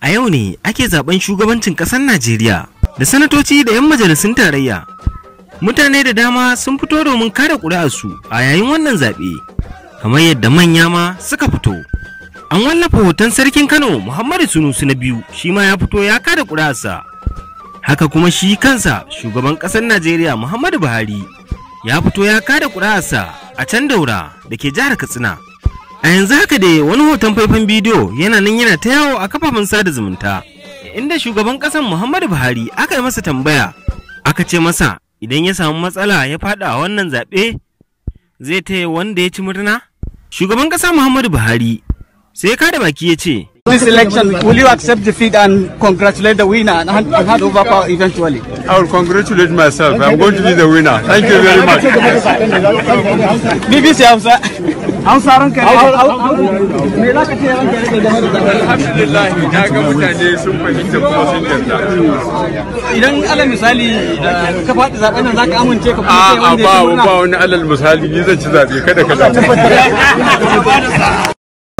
A yau ne ake zaben shugabancin ƙasar Najeriya da sanatoci da 'yan majalisun tarayya. Mutane da dama sun fito domin kare ƙuri'arsu a yayin wannan zaɓe, kamar yadda manya ma suka fito. an wallafa hoton sarkin kano muhammadu sunusu na biyu shi ma ya fito ya kada kurasa haka kuma shi kansa shugaban ƙasar najeriya muhammadu buhari ya fito ya kada kurasa a can daura da ke jihar katsina a yanzu haka dai wani hoton faifan bidiyo yana nan yana ta yawo a kafafen sada zumunta inda shugaban ƙasar muhammadu buhari aka yi masa tambaya aka ce masa idan ya samu matsala ya faɗa a wannan zaɓe zai taya wanda ya ci murna shugaban ƙasa muhammadu buhari sai kada baki ya ce this election, will you accept defeat and congratulate the winner and hand, and hand over power eventually? I will congratulate myself. I'm going to be the winner. Thank you very much. BBC Hausa. Hausa ranka me za ka ce ranka ne da Alhamdulillah na ga mutane sun fahimta kuma sun yarda. Idan alal misali ka faɗi zaɓen nan zaka amince ka kuma wanda ya ba ba wani alal misali ni zan ci zaɓe kada ka zaɓe.